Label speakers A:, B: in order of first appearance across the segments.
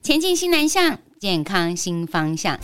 A: 前進新南向，健康新方向。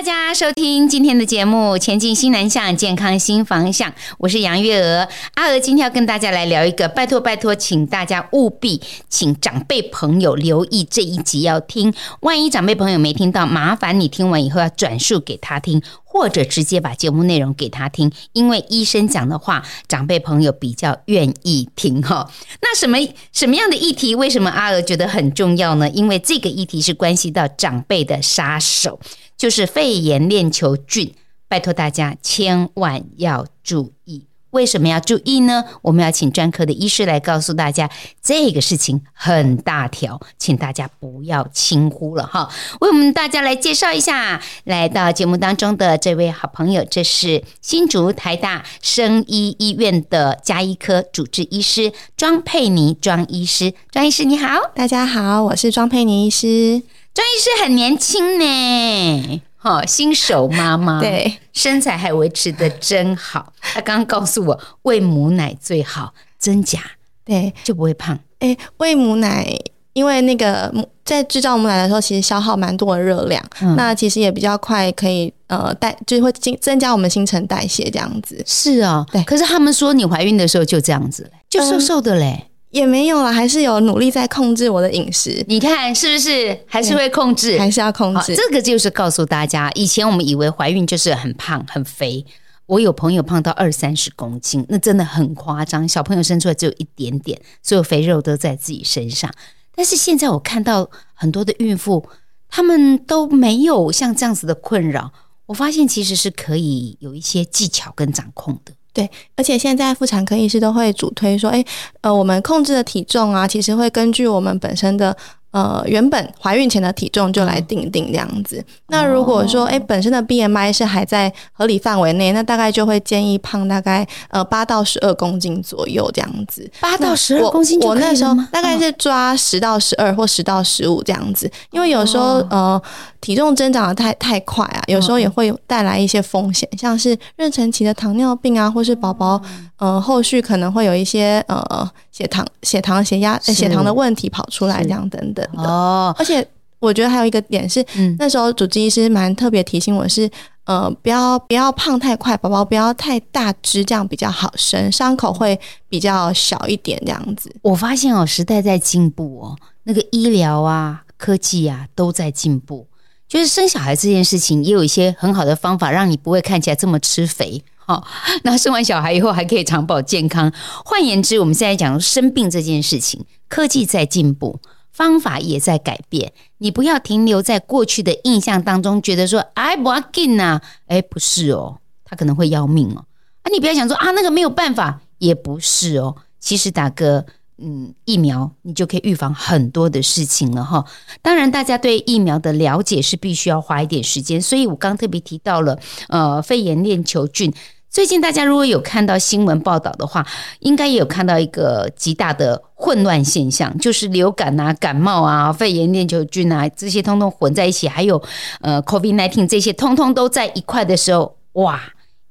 A: 大家收聽今天的節目《前進新南向，健康新方向》，我是楊月娥。阿娥今天要跟大家來聊一個，拜託拜託，請大家務必請長輩朋友留意這一集要聽。萬一長輩朋友沒聽到，麻煩你聽完以後要轉述給他聽，或者直接把節目內容給他聽。因為醫生講的話，長輩朋友比較願意聽哈。那什麼什麼樣的議題？為什麼阿娥覺得很重要呢？因為這個議題是關係到長輩的殺手。就是肺炎鏈球菌，拜托大家千萬要注意。為什麼要注意呢？我們要請專科的醫師來告訴大家，這個事情很大條，請大家不要輕忽了哈。為我們大家來介紹一下，來到節目當中的這位好朋友，這是新竹台大生醫醫院的家醫科主治醫師莊佩倪莊醫師。莊醫師你好，大家好，我是莊佩倪醫師。莊醫師很年輕呢，新手媽媽，對，身材還維持得真好。她剛剛告訴我，餵母奶最好，真假？對，就不會胖。
B: 欸、餵母奶，因為那個在製造母奶的時候，其實消耗蠻多的熱量，嗯、那其實也比較快，可以呃，代就會增增加我們新陳代謝這樣子。是啊，對。可是
A: 他們說，你懷孕的時候就這樣子嘞，就瘦瘦的嘞。嗯
B: 也沒有啊，還是有努力在控制我的飲食。你看是不是？還是會控制，嗯、還是要控制？這
A: 個就是告訴大家，以前我們以為懷孕就是很胖很肥，我有朋友胖到二三十公斤，那真的很誇張。小朋友生出來只有一點點，所有肥肉都在自己身上。但是現在我看到很多的孕婦，她們都沒有像這樣子的困擾。我發現其實是可以有一些技巧跟掌控
B: 的。對，而且現在婦產科醫師都會主推說：“哎，呃，我們控制的體重啊，其實會根據我們本身的。”呃，原本懷孕前的體重就來定定這樣子。Oh. 那如果說誒、欸、本身的 BMI 是還在合理範圍內，那大概就會建議胖大概呃八到十二公斤左右這樣子。八到十二公斤左右我，我那時候大概是抓十到十二或十到十五這樣子，oh. 因為有時候呃體重增長得太太快啊，有時候也會帶來一些風險，oh. 像是妊娠期的糖尿病啊，或是寶寶。呃，後續可能會有一些呃血糖、血糖、血壓、血糖的問題跑出來，這樣等等的。哦，而且我覺得還有一個點是，嗯，那時候主治醫師蠻特別提醒我是，呃，不要不要胖太快，寶寶不要太大只，這樣比較好生，傷口會比較小一點，這樣子。我發現哦，時代在進步哦，那個醫療啊、科技啊都在進
A: 步，就是生小孩這件事情也有一些很好的方法，讓你不會看起來這麼吃肥。哦，那生完小孩以後還可以常保健康。換言之，我們現在講生病這件事情，科技在進步，方法也在改變。你不要停留在過去的印象當中，覺得說哎，不要緊啊，哎，不是哦，他可能會要命哦。啊，你不要想說啊，那個沒有辦法，也不是哦。其實打個嗯疫苗，你就可以預防很多的事情了哈。當然，大家對疫苗的了解是必須要花一點時間。所以我剛剛特別提到了呃肺炎鏈球菌。最近大家如果有看到新聞報道的話，應該也有看到一個極大的混亂現象，就是流感啊、感冒啊、肺炎鏈球菌啊這些通通混在一起，還有呃 COVID-19 這些通通都在一塊的時候，哇，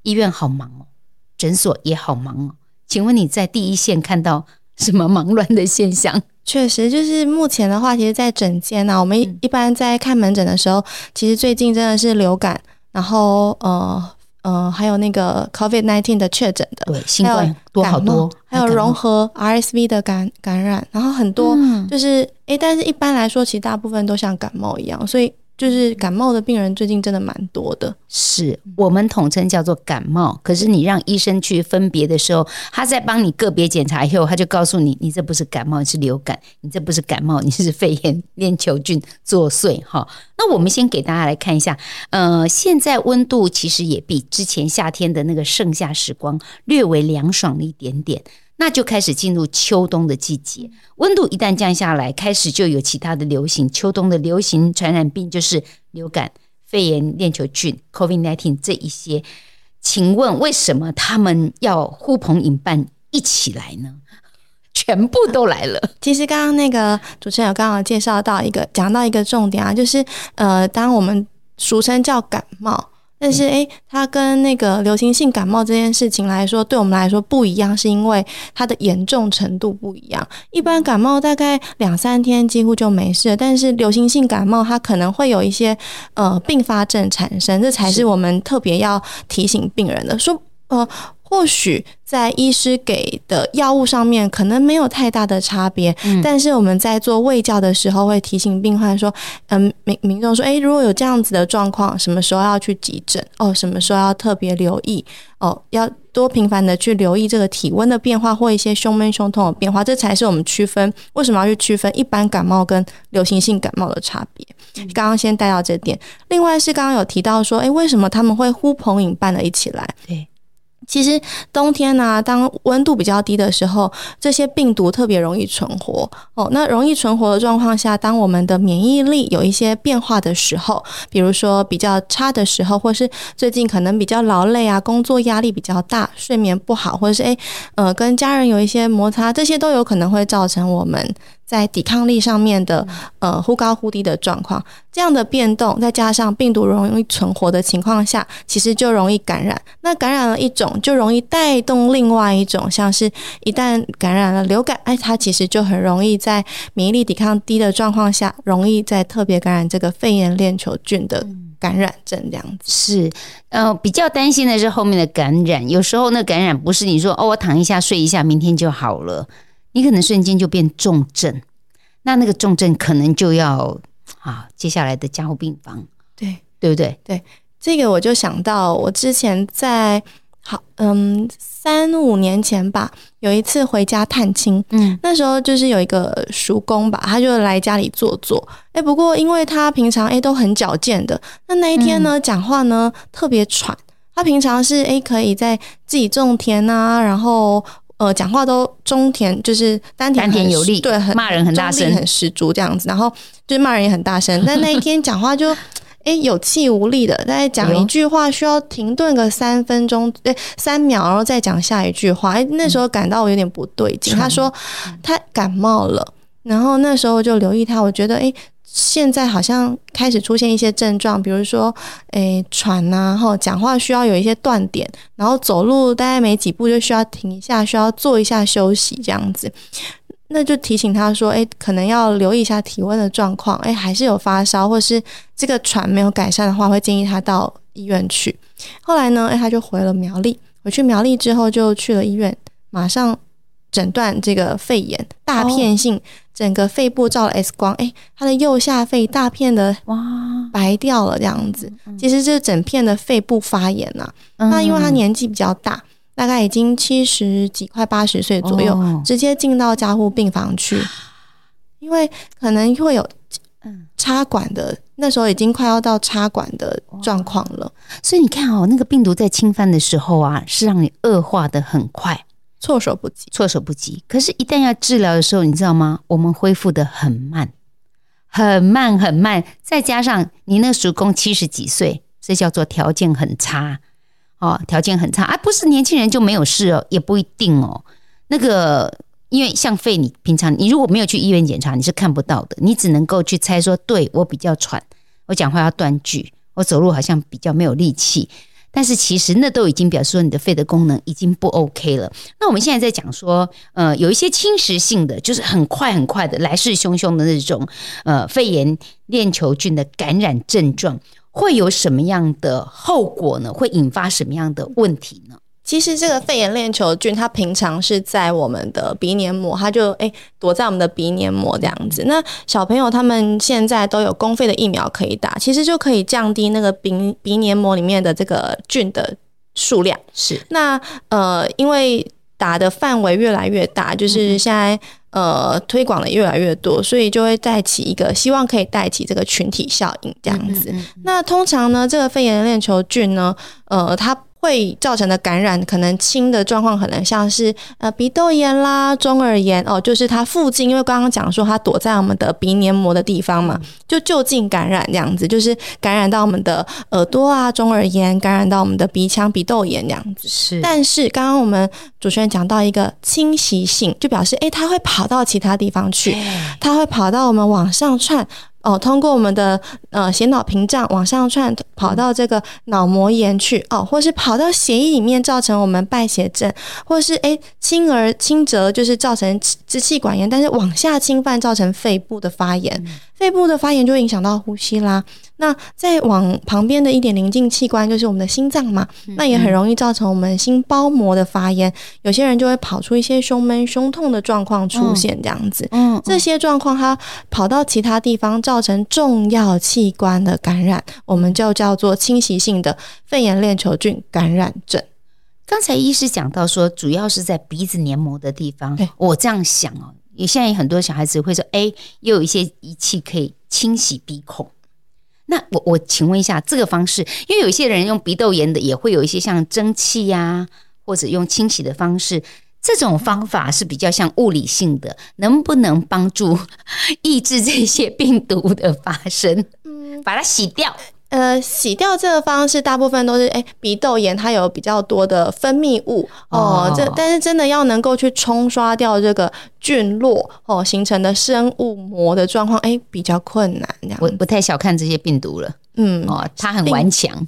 A: 醫院好忙哦、喔，診所也好忙哦、喔。請問你在第一線看到什麼忙
B: 亂的現象？確實，就是目前的話，其實，在診間呢，我們一，、嗯、一般在看門診的時候，其實最近真的是流感，然後呃。呃，還有那個 COVID nineteen 的確診的，對，新冠多好多感、多好多感冒，還有融合 RSV 的感染感染，然後很多就是誒、嗯欸，但是一般來說，其實大部分都像感冒一樣，所以。就是感冒的病人最近真的蠻多
A: 的，是
B: 我們統稱叫做感冒。
A: 可是你讓醫生去分別的時候，他在幫你個別檢查以後，他就告訴你，你這不是感冒，你是流感；你這不是感冒，你是肺炎鏈球菌作祟。哈，那我們先給大家來看一下，呃，現在溫度其實也比之前夏天的那個盛夏時光略為涼爽了一點點。那就開始進入秋冬的季節，溫度一旦降下來，開始就有其他的流行。秋冬的流行傳染病就是流感、肺炎、鏈球菌、COVID-19 這一些。請問
B: 為什麼他們要呼朋引伴一起來呢？全部都來了。其實剛剛那個主持人有剛剛介紹到一個講到一個重點啊，就是呃，當我們俗稱叫感冒。但是，誒、欸，它跟那個流行性感冒這件事情來說，對我們來說不一樣，是因為它的嚴重程度不一樣。一般感冒大概兩三天，幾乎就沒事。但是流行性感冒它可能會有一些呃併發症產生，這才是我們特別要提醒病人的，說呃。或許在醫師給的藥物上面可能沒有太大的差別，嗯，但是我們在做衛教的時候會提醒病患說：“嗯、呃，民民眾說，誒、欸，如果有這樣子的狀況，什麼時候要去急診？哦，什麼時候要特別留意？哦，要多頻繁的去留意這個體溫的變化或一些胸悶、胸痛的變化。這才是我們區分為什麼要去區分一般感冒跟流行性感冒的差別。剛、嗯、剛先帶到這點，另外是剛剛有提到說，誒、欸，為什麼他們會呼朋引伴的一起來？對。”其實冬天呢，啊，當溫度比較低的時候，這些病毒特別容易存活哦。那容易存活的狀況下，當我們的免疫力有一些變化的時候，比如說比較差的時候，或是最近可能比較勞累啊，工作壓力比較大，睡眠不好，或是誒呃，跟家人有一些摩擦，這些都有可能會造成我們在抵抗力上面的呃忽高忽低的狀況，這樣的變動，再加上病毒容易存活的情況下，其實就容易感染。那感染了一種，就容易帶動另外一種，像是一旦感染了流感，哎，它其實就很容易在免疫力抵抗低的狀況下，容易在特別感染這個肺炎鏈球菌的感染症這樣子。是，
A: 呃，比較擔心的是後面的感染。有時候那感染不是你說哦，我躺一下睡一下，明天就好了。你可能瞬間就變重症，那那個重症可能就要啊，接下來的加護病房，對對不對？
B: 對，這個我就想到，我之前在好嗯三五年前吧，有一次回家探親，嗯，那時候就是有一個叔公吧，他就來家裡坐坐。哎、欸，不過因為他平常哎、欸、都很矯健的，那那一天呢講、嗯、話呢特別喘，他平常是哎、欸、可以在自己種田啊，然後。呃，講話都中田就是丹田，很丹田有力，對，很罵人很大聲，很十足這樣子。然後就罵人也很大聲， 但那一天講話就哎有氣無力的，大概講一句話需要停頓個三分鐘，哎、嗯、三秒，然後再講下一句話。哎，那時候感到我有點不對勁。他、嗯、說他感冒了。然後那時候我就留意他，我覺得誒，現在好像開始出現一些症狀，比如說誒，喘吶、啊，齁，然後講話需要有一些斷點，然後走路大概沒幾步就需要停一下，需要坐一下休息這樣子。那就提醒他說，誒，可能要留意一下體溫的狀況，誒，還是有發燒，或是這個喘沒有改善的話，會建議他到醫院去。後來呢，誒，他就回了苗栗，回去苗栗之後就去了醫院，馬上診斷這個肺炎大片性。哦整個肺部照了 X 光，哎、欸，他的右下肺大片的哇白掉了，這樣子，其實這整片的肺部發炎吶、啊嗯。那因為他年紀比較大，大概已經七十幾快八十歲左右，哦、直接進到加護病房去，因為可能會有插管的，那時候已經快要到插管的狀況了。所以你看哦，那個病毒在侵犯的時候
A: 啊，是讓你惡化的很快。措手不及，措手不及。可是，一旦要治療的時候，你知道嗎？我們恢復得很慢，很慢，很慢。再加上你那個叔公七十幾歲，這叫做條件很差哦，條件很差。哎、哦啊，不是年輕人就沒有事哦，也不一定哦。那個，因為像肺，你平常你如果沒有去醫院檢查，你是看不到的。你只能夠去猜說，對，我比較喘，我講話要斷句，我走路好像比較沒有力氣。但是其實那都已經表示說你的肺的功能已經不 OK 了。那我們現在在講說，呃，有一些侵襲性的，就是很快很快的來勢洶洶的那種，呃，肺炎鏈球菌的感染
B: 症狀，會有什麼樣的後果呢？會引發什麼樣的問題呢？其實這個肺炎鏈球菌，它平常是在我們的鼻黏膜，它就誒、欸、躲在我們的鼻黏膜這樣子。那小朋友他們現在都有公費的疫苗可以打，其實就可以降低那個鼻鼻黏膜裡面的這個菌的數量。是。那呃，因為打的範圍越來越大，就是現在呃推廣的越來越多，所以就會帶起一個，希望可以帶起這個群體效應這樣子。那通常呢，這個肺炎鏈球菌呢，呃，它。會造成的感染，可能輕的狀況，可能像是呃鼻竇炎啦、中耳炎哦，就是它附近，因為剛剛講說它躲在我們的鼻黏膜的地方嘛、嗯，就就近感染這樣子，就是感染到我們的耳朵啊、中耳炎，感染到我們的鼻腔、鼻竇炎這樣子。是，但是剛剛我們主持人講到一個侵襲性，就表示誒它會跑到其他地方去，哎、它會跑到我們往上竄。哦，通過我們的呃血腦屏障往上竄，跑到這個腦膜炎去哦，或是跑到血液裡面，造成我們敗血症，或是誒，輕、欸、而輕則就是造成支氣管炎，但是往下侵犯造成肺部的發炎，嗯、肺部的發炎就會影響到呼吸啦。那再往旁邊的一點鄰近器官，就是我們的心臟嘛，嗯嗯，那也很容易造成我們心包膜的發炎。有些人就會跑出一些胸悶、胸痛的狀況出現，這樣子。嗯，嗯，嗯、這些狀況它跑到其他地方，造成重要器官的感染，我們就叫做侵襲性的肺炎鏈球菌感染症。剛才醫師講到說，主
A: 要是在鼻子黏膜的地方。對、欸，我這樣想哦，也現在有很多小孩子會說，哎、欸，又有一些儀器可以清洗鼻孔。那我我請問一下這個方式，因為有些人用鼻竇炎的也會有一些像蒸汽呀、啊，或者用清洗的方式，這種方法是比較像物理性的，能不能幫助抑制這些病毒的發生？嗯，把它洗掉。
B: 呃，洗掉這個方式，大部分都是誒、欸，鼻竇炎它有比較多的分泌物哦、oh. 呃。這但是真的要能夠去沖刷掉這個菌落哦、呃、形成的生物膜的狀況，誒、欸，比較困難。我不太小看這些病毒了，嗯，哦，它很頑強，欸、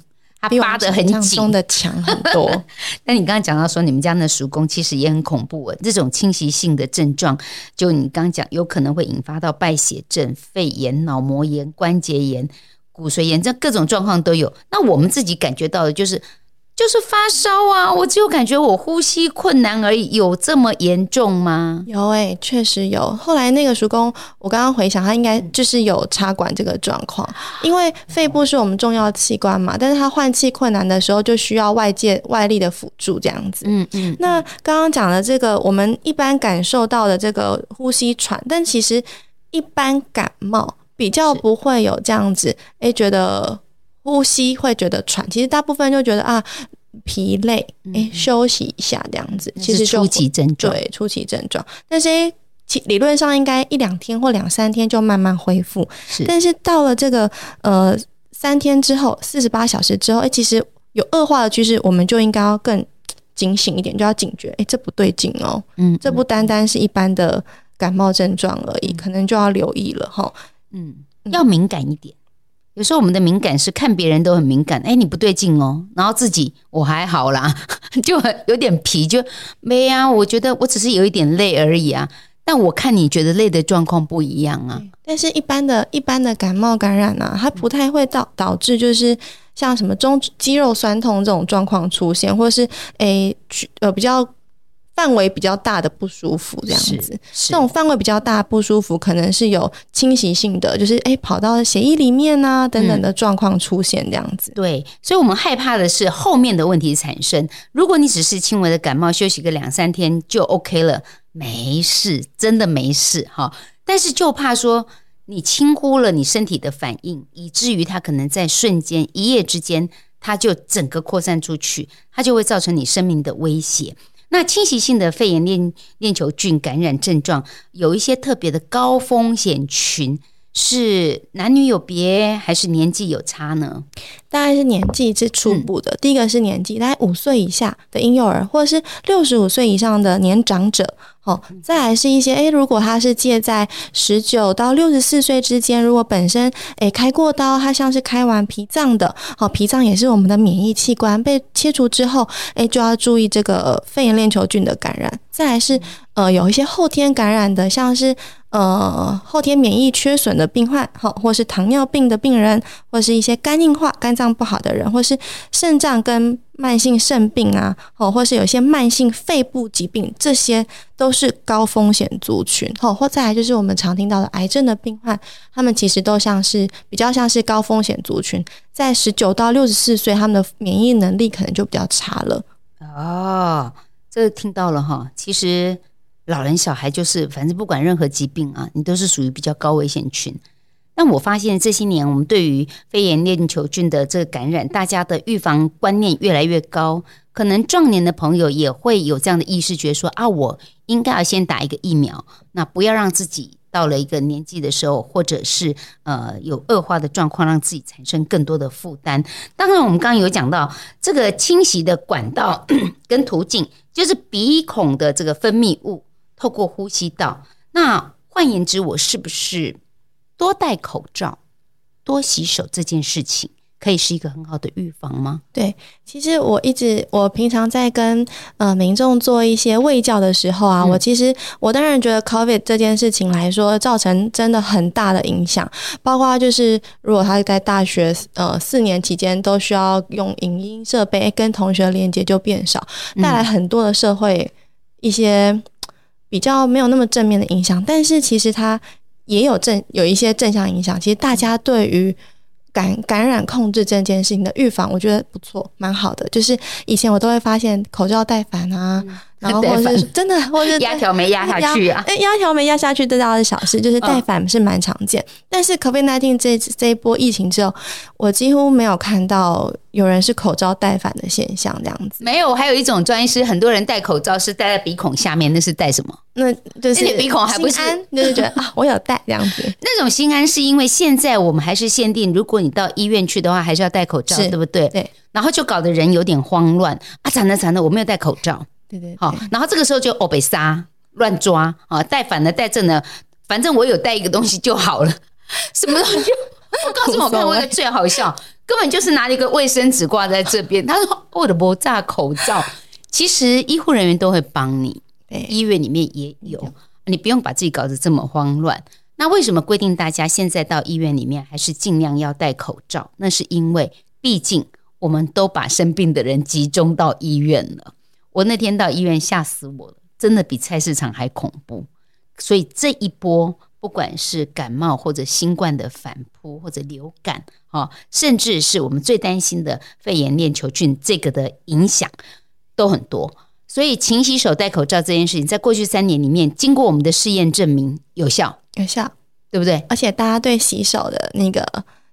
B: 它扒得很緊，比我想像中的強很多。
A: 那你剛剛講到說，你們家那叔公其實也很恐怖，這種侵襲性的症狀，就你剛講，有可能會引發到敗血症、肺炎、腦膜炎、關節炎。骨髓炎症，各種狀況都有。那我們自己感覺到的就是，就是發燒啊，我
B: 只有感覺我呼吸困難而已，有這麼嚴重嗎？有誒、欸，確實有。後來那個叔公，我剛剛回想，他應該就是有插管這個狀況，嗯、因為肺部是我們重要的器官嘛，但是他換氣困難的時候，就需要外界外力的輔助這樣子。嗯，嗯嗯。那剛剛講的這個，我們一般感受到的這個呼吸喘，但其實一般感冒。比較不會有這樣子，哎、欸，覺得呼吸會覺得喘。其實大部分就覺得啊，疲累，哎、欸，休息一下這樣子，其實初期症狀，對初期症狀。但是哎，其、欸、理論上應該一兩天或兩三天就慢慢恢復。但是到了這個呃三天之後，四十八小時之後，哎、欸，其實有惡化的趨勢，我們就應該要更警醒一點，就要警覺，哎、欸，這不對勁哦，嗯，嗯，這不單單是一般的感冒症狀而已，嗯嗯，可能就要留意了哈。嗯，要敏感一點、嗯。有時候
A: 我們的敏感是看別人都很敏感，哎、欸，你不對勁哦，然後自己我還好啦， 就很有點皮，就沒啊、哎。我覺得我只是有一點累而已啊。但我看你覺得累的狀況不一樣啊。
B: 但是一般的、一般的感冒感染啊，它不太會導導致就是像什麼中肌肉痠痛這種狀況出現，或是誒、欸，呃，比較。範圍比較大的不舒服，這樣子，是，這種範圍比較大不舒服，可能是有侵襲性的，就是誒、欸，跑到血液裡面啊等等的狀況、嗯、出現這樣子。
A: 對，所以我們害怕的是後面的問題產生。如果你只是輕微的感冒，休息個兩三天就 OK 了，沒事，真的沒事哈。但是就怕說你輕忽了你身體的反應，以至於它可能在瞬間一夜之間，它就整個擴散出去，它就會造成你生命的威脅。那侵襲性的肺炎鏈鏈球菌感染症狀有一些特別的高風險群。是男女有別還是年紀
B: 有差呢？大概是年紀之初步的。嗯、第一個是年紀，大概五歲以下的嬰幼兒，或者是六十五歲以上的年長者。好、哦，再來是一些誒、欸、如果他是介在十九到六十四歲之間，如果本身誒、欸、開過刀，他像是開完脾臟的，好、哦，脾臟也是我們的免疫器官，被切除之後，誒、欸、就要注意這個肺炎鏈球菌的感染。再來是呃，有一些後天感染的，像是。呃，後天免疫缺損的病患，哈，或是糖尿病的病人，或是一些肝硬化、肝臟不好的人，或是腎臟跟慢性腎病啊，哦，或是有些慢性肺部疾病，這些都是高風險族群，哦，或再來就是我們常聽到的癌症的病患，他們其實都像是比較像是高風險族群，在十九到六十四歲，他們的免疫能力可能就比較差了。
A: 哦，這個聽到了哈，其實。老人小孩就是，反正不管任何疾病啊，你都是屬於比較高危險群。但我發現這些年，我們對於肺炎鏈球菌的這個感染，大家的預防觀念越來越高。可能壯年的朋友也會有這樣的意識，覺得說啊，我應該要先打一個疫苗，那不要讓自己到了一個年紀的時候，或者是呃有惡化的狀況，讓自己產生更多的負擔。當然，我們剛剛有講到這個侵襲的管道 跟途徑，就是鼻孔的這個分泌物。透過呼吸道，那換言之，我是不是多戴口罩、多洗手這件事情，可以是一個很好的預防嗎？
B: 對，其實我一直我平常在跟呃民眾做一些衛教的時候啊，嗯，我其實我當然覺得 COVID 這件事情來說，造成真的很大的影響，包括就是如果他在大學呃四年期間都需要用影音設備跟同學連接，就變少，帶來很多的社會一些。比較沒有那麼正面的影響，但是其實它也有正有一些正向影響。其實大家對於感感染控制這件事情的預防，我覺得不錯，蠻好的。就是以前我都會發現口罩戴反啊。嗯然後是真的，或是壓條沒壓下去啊？壓條沒壓下去，這倒是小事，就是帶反是蠻常見。但是 COVID-19 這一波疫情之後，我幾乎沒有看到有人是口罩帶反的現象，這樣子。
A: 沒有，還有一種專業是很多人戴口罩是戴在鼻孔下面，那是戴什麼？那就是你鼻孔還不安，對對對覺得
B: 啊，我有戴這樣子。
A: 那種心安是因為現在我們還是限定，如果你到醫院去的話，還是要戴口罩，是對不對？對。然後就搞得人有點慌亂啊！慘了慘了，我沒有戴口罩。對對，對，好，然後這個時候就被殺、亂抓啊，帶反了，帶正了，反正我有帶一個東西就好了。什麼東西？ 我告訴我朋友、我的、最好笑，根本就是拿了一個衛生紙掛在這邊。他說：“我的爆炸口罩。 ”其實醫護人員都會幫你，對，醫院裡面也有，你不用把自己搞得這麼慌亂。那為什麼規定大家現在到醫院裡面還是盡量要戴口罩？那是因為，畢竟我們都把生病的人集中到醫院了。我那天到醫院，嚇死我了，真的比菜市場還恐怖。所以這一波，不管是感冒或者新冠的反撲，或者流感，啊，甚至是我們最擔心的肺炎鏈球菌這個的影響，都很多。所以，勤洗手、戴口罩這件事情，在過去三年裡面，經過我們的試驗，證明
B: 有效，有效，對不對？而且，大家對洗手的那個。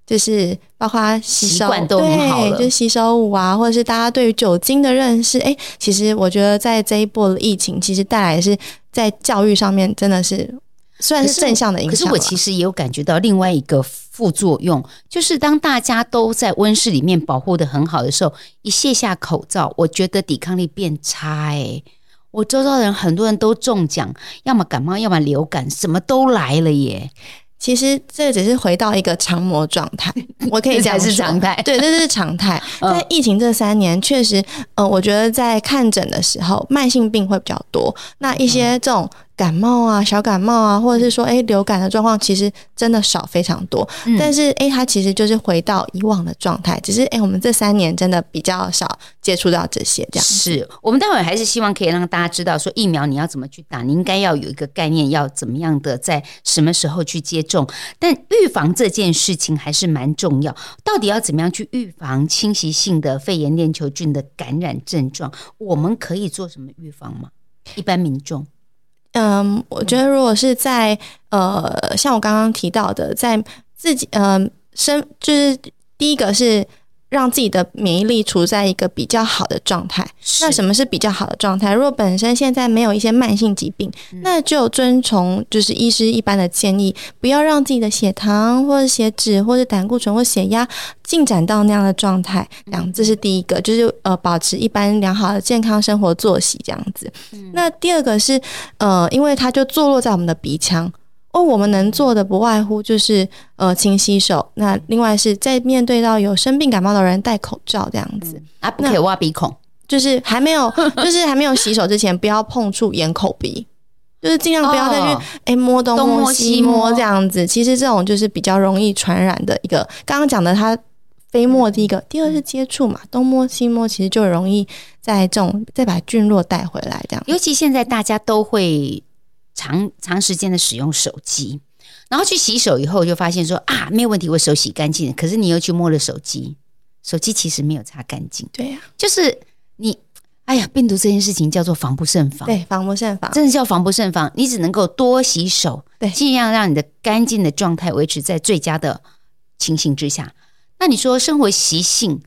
B: 就是包括洗手習慣都很好了。對，就洗手舞啊，或者是大家對於酒精的認識，哎、欸，其實我覺得在這一波的疫情，其實帶來是在教育上面真的是算是正向的影響，可是，我其
A: 實也有感覺到另外一個副作用，就是當大家都在溫室裡面保護得很好的時候，一卸下口罩，我覺得抵抗力變差、欸，哎，我周遭的人很多人都中獎，要麼感冒，要麼流感，什
B: 麼都來了耶。其實這只是回到一個常模狀態，我可以講說 是常態。對，這是常態。 在疫情這三年，確實，呃，我覺得在看診的時候，慢性病會比較多，那一些這種。感冒啊，小感冒啊，或者是說，哎、欸，流感的狀況其實真的少非常多。嗯、但是，哎、欸，它其實就是回到以往的狀態，只是，哎、欸，我們這三年真的比較少接觸到這些。這樣是
A: 我們待會兒還是希望可以讓大家知道，說疫苗你要怎麼去打，你應該要有一個概念，要怎麼樣的在什麼時候去接種。但預防這件事情還是蠻重要。到底要怎麼樣去預防侵襲性的肺炎鏈球菌的感染症狀？我們
B: 可以做什麼預防嗎？一般民眾。嗯、um，我覺得如果是在呃，像我剛剛提到的，在自己嗯、呃、身，就是第一個是。讓自己的免疫力處在一個比較好的狀態。那什麼是比較好的狀態？如果本身現在沒有一些慢性疾病，嗯、那就遵從就是醫師一般的建議，不要讓自己的血糖或者血脂或者膽固醇或血壓進展到那樣的狀態。這樣、嗯，這是第一個，就是呃，保持一般良好的健康生活作息這樣子。嗯、那第二個是呃，因為它就坐落在我們的鼻腔。哦，我們能做的不外乎就是，呃，勤洗手。那另外是在面對到有生病感冒的人，戴口罩這樣子。啊、嗯，不可以挖鼻孔，就是還沒有， 就是還沒有洗手之前，不要碰觸眼、口、鼻，就是盡量不要再去哎、哦欸、摸東摸西、摸這樣子東摸西摸。其實這種就是比較容易傳染的一個。剛剛講的，它飛沫第一個、嗯，第二是接觸嘛，東摸西摸，其實就容易在這種再把菌落帶回來這樣子。
A: 尤其現在大家都會。長長時間的使用手機，然後去洗手以後，就發現說啊，沒有問題，我手洗乾淨，可是你又去摸了手機，手機其實沒有擦乾淨。對呀、啊，就是你，哎呀，病毒這件事情叫做防不勝防，對，防不勝防，真的叫防不勝防。你只能夠多洗手，對，盡量讓你的乾淨的狀態維持在最佳的情形之下。那你說生活習性，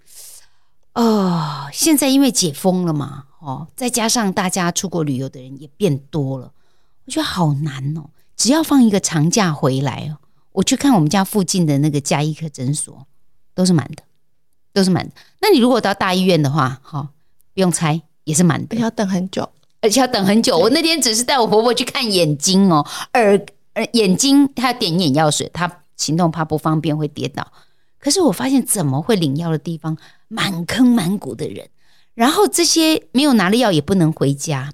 A: 哦，現在因為解封了嘛，哦，再加上大家出國旅遊的人也變多了。我覺得好難哦、喔！只要放一個長假回來哦，我去看我們家附近的那個家醫科診所，都是滿的，都是滿的。那你如果到大醫院的話，哈、喔，不用猜也是滿的，而且要等很久，而且要等很久。嗯、我那天只是帶我婆婆去看眼睛哦、喔，耳耳眼睛，她點眼藥水，她行動怕不方便會跌倒。可是我發現，怎麼會領藥的地方滿坑滿谷的人，然後這些沒有拿了藥也不能回家。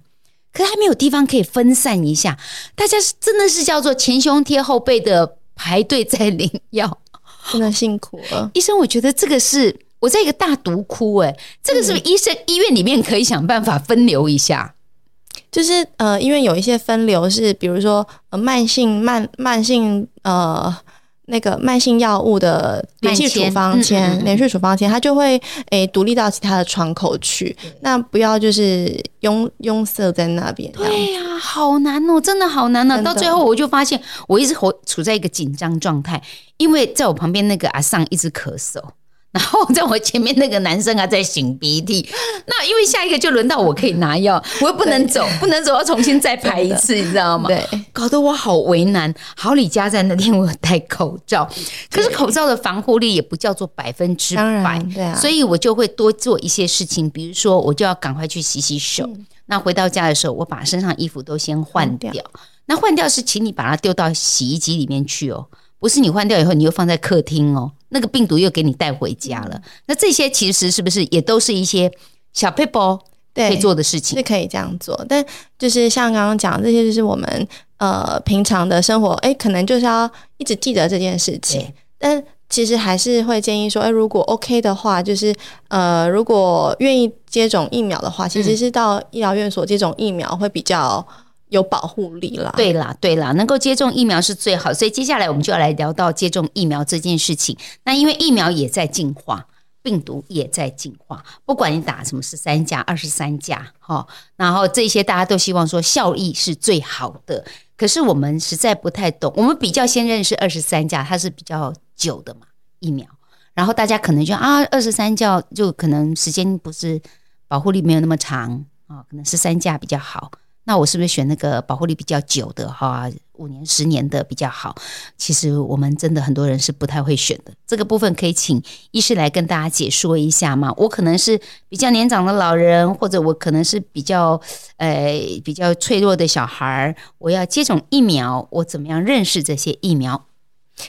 A: 可是還沒有地方可以分散一下，大家是真的是叫做前胸貼後背的排隊在領藥，真的辛苦了。醫生，我
B: 覺得這個是我在一個大毒窟、欸，哎，這個是不是醫生醫院裡面可以想辦法分流一下？嗯、就是呃，因為有一些分流是，比如說呃，慢性慢慢性呃。那個慢性藥物的連續處方簽，連續處方簽、嗯，它、嗯嗯、就會誒獨立到其他的窗口去，嗯嗯，那不要就是擁擁塞在那邊。
A: 哎呀，好難哦，真的好難呢、啊。到最後我就發現，我一直活處在一個緊張狀態，因為在我旁邊那個阿桑一直咳嗽。然後在我前面那個男生啊，在擤鼻涕，那因為下一個就輪到我可以拿藥，我又不能走，不能走要重新再排一次，你知道嗎？對，搞得我好為難。好李佳在那天我有戴口罩，可是口罩的防護力也不叫做百分之百，對啊，所以我就會多做一些事情，比如說我就要趕快去洗洗手、嗯。那回到家的時候，我把身上衣服都先換掉，掉。那換掉是，請你把它丟到洗衣機裡面去哦，不是你換掉以後，你又放在客廳哦。那個病毒又給你帶回家了，那這些其實是不是也都是一些小撇步可以做的
B: 事情？是可以這樣做，但就是像剛剛講這些，就是我們呃平常的生活，哎、欸，可能就是要一直記得這件事情。但其實還是會建議說，欸、如果 OK 的話，就是呃，如果願意接種疫苗的話，其實是到醫療院所接種疫苗會比較。有保護力啦，對啦，對啦，能夠接
A: 種疫苗是最好，所以接下來我們就要來聊到接種疫苗這件事情。那因為疫苗也在進化，病毒也在進化，不管你打什麼，十三價、二十三價，哈，然後這些大家都希望說效益是最好的，可是我們實在不太懂，我們比較先認識二十三價，它是比較久的嘛疫苗，然後大家可能就啊，二十三價就可能時間不是保護力沒有那麼長啊，可能十三價比較好。那我是不是選那個保護力比較久的哈，五年、十年的比較好？其實我們真的很多人是不太會選的。這個部分可以請醫師來跟大家解說一下嘛。我可能是比較年長的老人，或者我可能是比較，呃，比較脆弱的小孩，我要接種疫苗，我怎麼樣認識這些疫苗？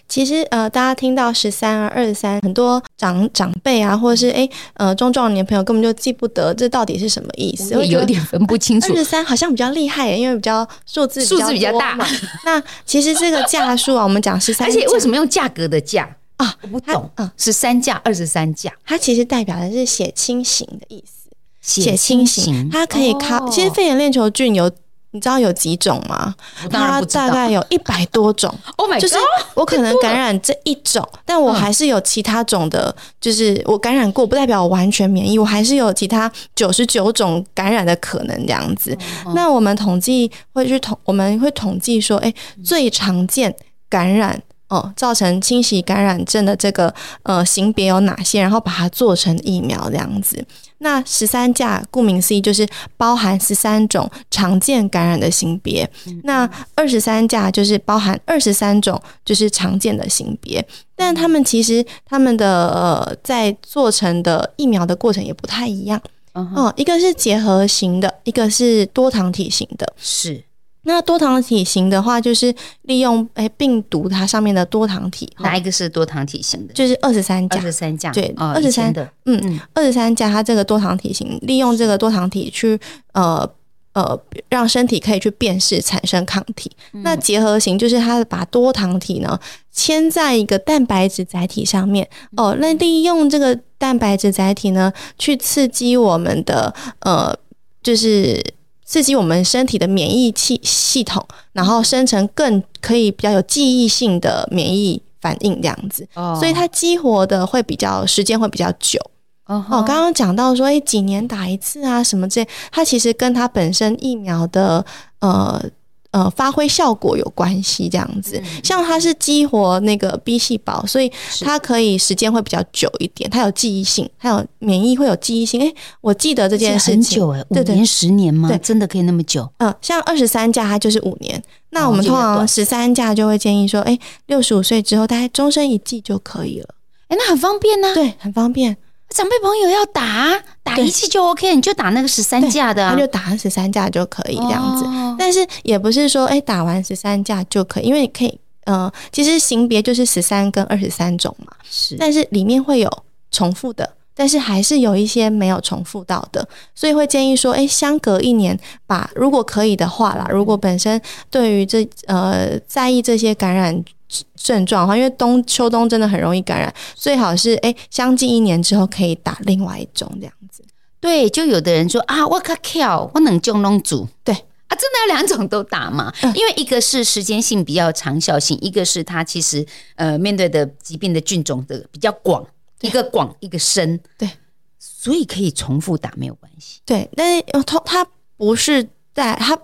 B: 其實呃，大家聽到十三啊、二十三，很多長長輩啊，或者是哎呃中壯年朋友根本就記不得這到底是什麼意思，會有點分不清楚。二十三好像比較厲害，因為比較數字比較數字比較大嘛。 那其實這個價數啊， 我們講十三，而且為什麼用價格的價啊？我不懂啊，十三價二十三價，它其實代表的是血清型的意思。血清型，血清型它可以靠、哦，其實肺炎鏈球菌有，你知道有幾種嗎？它大概有一百多種。 oh、my God, 就是我可能感染這一種，但我還是有其他種的、嗯。就是我感染過，不代表我完全免疫，我還是有其他九十九種感染的可能這樣子。嗯嗯、那我們統計會去統，我們會統計說，哎、欸嗯，最常見感染哦、呃，造成侵襲感染症的這個呃型別有哪些，然後把它做成疫苗這樣子。那十三價顧名思義就是包含十三種常見感染的型別、嗯，那二十三價就是包含二十三種就是常見的型別，但它們其實它們的呃在做成的疫苗的過程也不太一樣，哦、嗯呃，一個是結合型的，一個是多醣體型的，是。那多醣體型的話，就是利用、欸、病毒，它上面的多醣體，哪一個是多醣體型的？就是二十三價，二十三
A: 價對，二十三的，
B: 嗯，二十三價它這個多醣體型，利用這個多醣體去呃呃讓身體可以去辨識產生抗體。嗯、那結合型就是它把多醣體呢牽在一個蛋白質載體上面哦、呃，那利用這個蛋白質載體呢去刺激我們的呃就是。刺激我們身體的免疫系系統，然後生成更可以比較有記憶性的免疫反應這樣子，Oh. 所以它激活的會比較時間會比較久。Uh-huh. 哦，剛剛講到說，哎，幾年打一次啊，什麼之類，它其實跟它本身疫苗的呃。呃，發揮效果有關係，這樣子。嗯、像它是激活那個 B 細胞，所以它可以時間會比較久一點，它有記憶性，還有免疫會有記憶性。誒、欸，我記得這件事情很久誒、欸、五年十
A: 年嗎？對，真的可以那麼久。
B: 嗯，像二十三價它就是五年，那我們通常十三價就會建議說，誒六十五歲之後大概終身一劑就可以了。誒、欸，那很方便呢、啊，對，很方便。長輩朋友要打，打一次就 OK，你就打那個十三價的、啊，那就打十三價就可以這樣子。Oh. 但是也不是說哎、欸，打完十三價就可以，因為你可以呃，其實型別就是十三跟二十三種嘛。是，但是裡面會有重複的，但是還是有一些沒有重複到的，所以會建議說，哎、欸，相隔一年把，如果可以的話啦，如果本身對於這呃在意這些感染。症狀哈，因為冬秋冬真的很容易感染，最好是哎、欸，相近一年之後可以打另外一種這樣子。
A: 對，就有的人說啊，我靠，靠，我能就弄組。對，啊，真的要兩種都打嗎？嗯，因為一個是時間性比較長效性，一個是他其實呃面對的疾病的菌種的比較廣，一個廣一個深。對，所以可以重複打沒有關
B: 係。對，但他它它不是在它。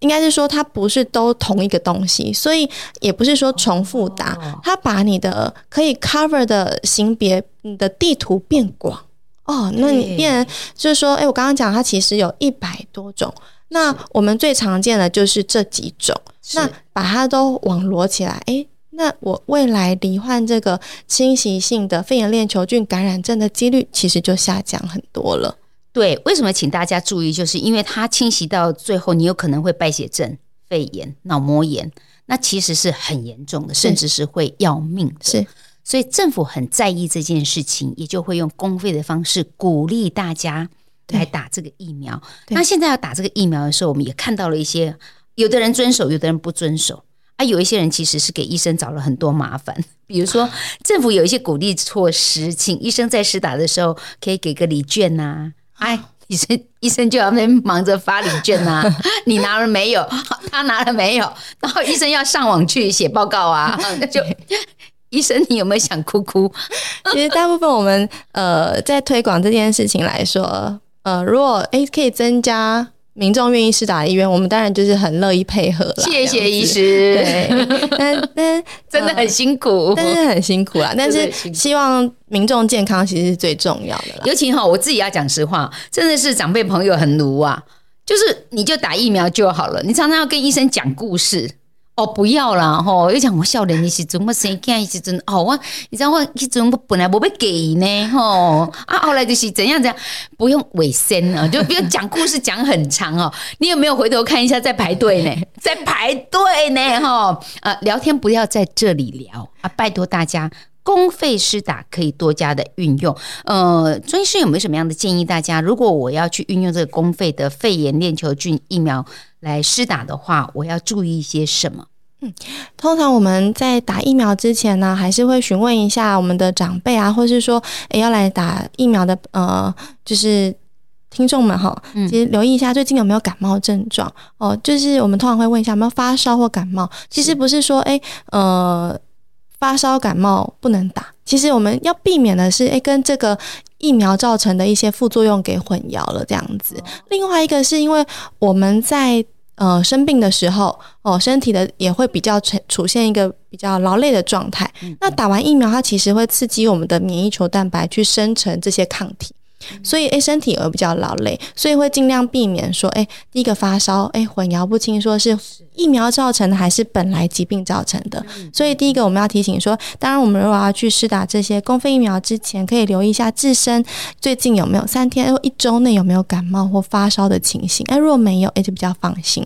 B: 應該是說它不是都同一個東西，所以也不是說重複答、哦。它把你的可以 cover 的型別，你的地圖變廣哦。那你變就是說，哎，欸、我剛剛講它其實有一百多種。那我們最常見的就是這幾種。那把它都網羅起來，哎、欸，那我未來罹患這個侵襲性的肺炎鏈球菌感染症的幾率其實就下降很多了。
A: 對，為什麼請大家注意？就是因為它侵襲到最後，你有可能會敗血症、肺炎、腦膜炎，那其實是很嚴重的，甚至是會要命的。是，所以政府很在意這件事情，也就會用公費的方式鼓勵大家來打這個疫苗。那現在要打這個疫苗的時候，我們也看到了一些，有的人遵守，有的人不遵守啊。有一些人其實是給醫生找了很多麻煩，比如說政府有一些鼓勵措施，請醫生在施打的時候可以給個禮券吶、啊。哎，醫生，醫生就要那忙着發領券吶，啊，你拿了沒有？他拿了沒有？然後醫生要上網去
B: 寫報告啊。就醫生，你有沒有想哭哭？其實大部分我們呃，在推廣這件事情來說，呃，如果哎，欸，可以增加。民眾願意施打疫苗，我們當然就是很樂意配合。謝謝醫師，但但 真的很辛苦，呃，真的很辛苦啊！但是希望民眾健
A: 康其實是最重要的、的。尤其哈，我自己要講實話，真的是長輩朋友很奴啊，就是你就打疫苗就好了，你常常要跟醫生講故事。哦，不要啦，吼、哦！又講我笑人、哦、你是怎麼生計，是怎？哦，啊你知道我一麼本來我要給呢，吼！啊，後來就是怎樣怎樣，不用尾聲了，就不用講故事講很長哦。 你有沒有回頭看一下，在排隊呢？在排隊呢，哈！啊，聊天不要在這裡聊啊，拜托大家。公費施打可以多加的運用，呃，莊醫師有沒有什麼樣的建議？大家如果我要去運用這個公費的肺炎鏈球菌疫苗來施打的話，我要注意一些什麼？
B: 嗯，通常我們在打疫苗之前呢，還是會詢問一下我們的長輩啊，或是說，誒、欸、要來打疫苗的，呃，就是聽眾們哈，其實留意一下最近有沒有感冒症狀哦、呃，就是我們通常會問一下有沒有發燒或感冒。其實不是說，誒、欸、呃。發燒感冒不能打。其實我們要避免的是，哎，跟這個疫苗造成的一些副作用給混淆了這樣子。另外一個是因為我們在呃生病的時候，哦，身體的也會比較呈，出現一個比較勞累的狀態。那打完疫苗，它其實會刺激我們的免疫球蛋白去生成這些抗體。所以，誒，身體也會比較勞累，所以會盡量避免說，誒、欸，第一個發燒，誒、欸，混淆不清，說是疫苗造成的還是本來疾病造成的。的所以，第一個我們要提醒說，當然，我們如果要去施打這些公費疫苗之前，可以留意一下自身最近有沒有三天、欸、或一周內有沒有感冒或發燒的情形。誒、欸，如果沒有，誒、欸，就比較放心。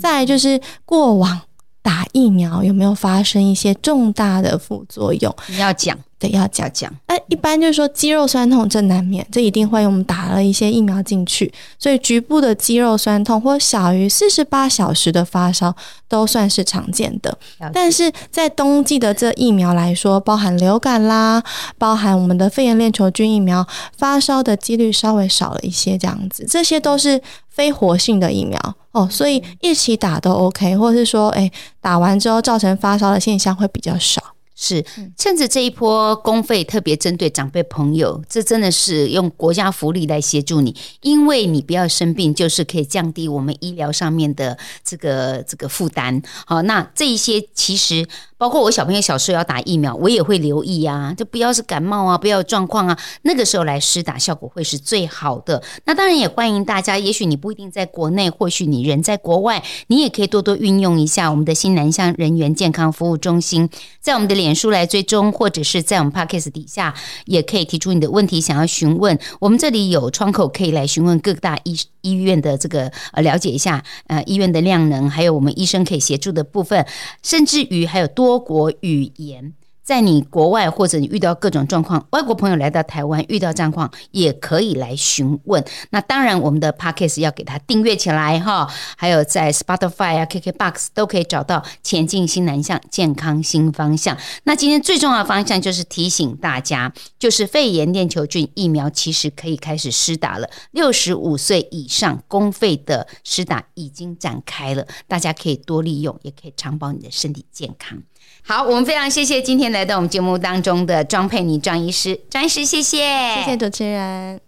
B: 再來就是過往打疫苗有沒有發生一些重大的副作用？你要講。得要講講，一般就是說，肌肉酸痛這難免，這一定會。我們打了一些疫苗進去，所以局部的肌肉酸痛或小於四十八小時的發燒都算是常見的。但是在冬季的這疫苗來說，包含流感啦，包含我們的肺炎鏈球菌疫苗，發燒的幾率稍微少了一些。這樣子，這些都是非活性的疫苗哦，所以一起打都 OK，或者是說，誒、欸，打完之後造成發燒的現象會比較少。
A: 是，趁着這一波公費，特別針對長輩朋友，這真的是用國家福利來協助你，因為你不要生病，就是可以降低我們醫療上面的這個這個負擔。好，那這一些其實。包括我小朋友小時候要打疫苗，我也會留意啊，就不要是感冒啊，不要狀況啊，那個時候來施打效果會是最好的。那當然也歡迎大家，也許你不一定在國內，或許你人在國外，你也可以多多運用一下我們的新南向人員健康服務中心，在我們的臉書來追蹤，或者是在我們 Podcast 底下也可以提出你的問題，想要詢問我們，這裡有窗口可以來詢問各大醫醫院的這個呃，了解一下呃醫院的量能，還有我們醫生可以協助的部分，甚至於還有多多國語言，在你國外或者你遇到各種狀況，外國朋友來到台灣遇到狀況也可以來詢問。那當然，我們的 podcast 要給他訂閱起來哈，還有在 Spotify 啊，KK Box 都可以找到《前進新南向，健康新方向》。那今天最重要的方向就是提醒大家，就是肺炎鏈球菌疫苗其實可以開始施打了，六十五歲以上公費的施打已經展開了，大家可以多利用，也可以長保你的身體健康。好，我們非常謝謝今天來到我們節目當中的莊佩倪、莊醫師。莊醫師，謝
B: 謝，謝謝主持人。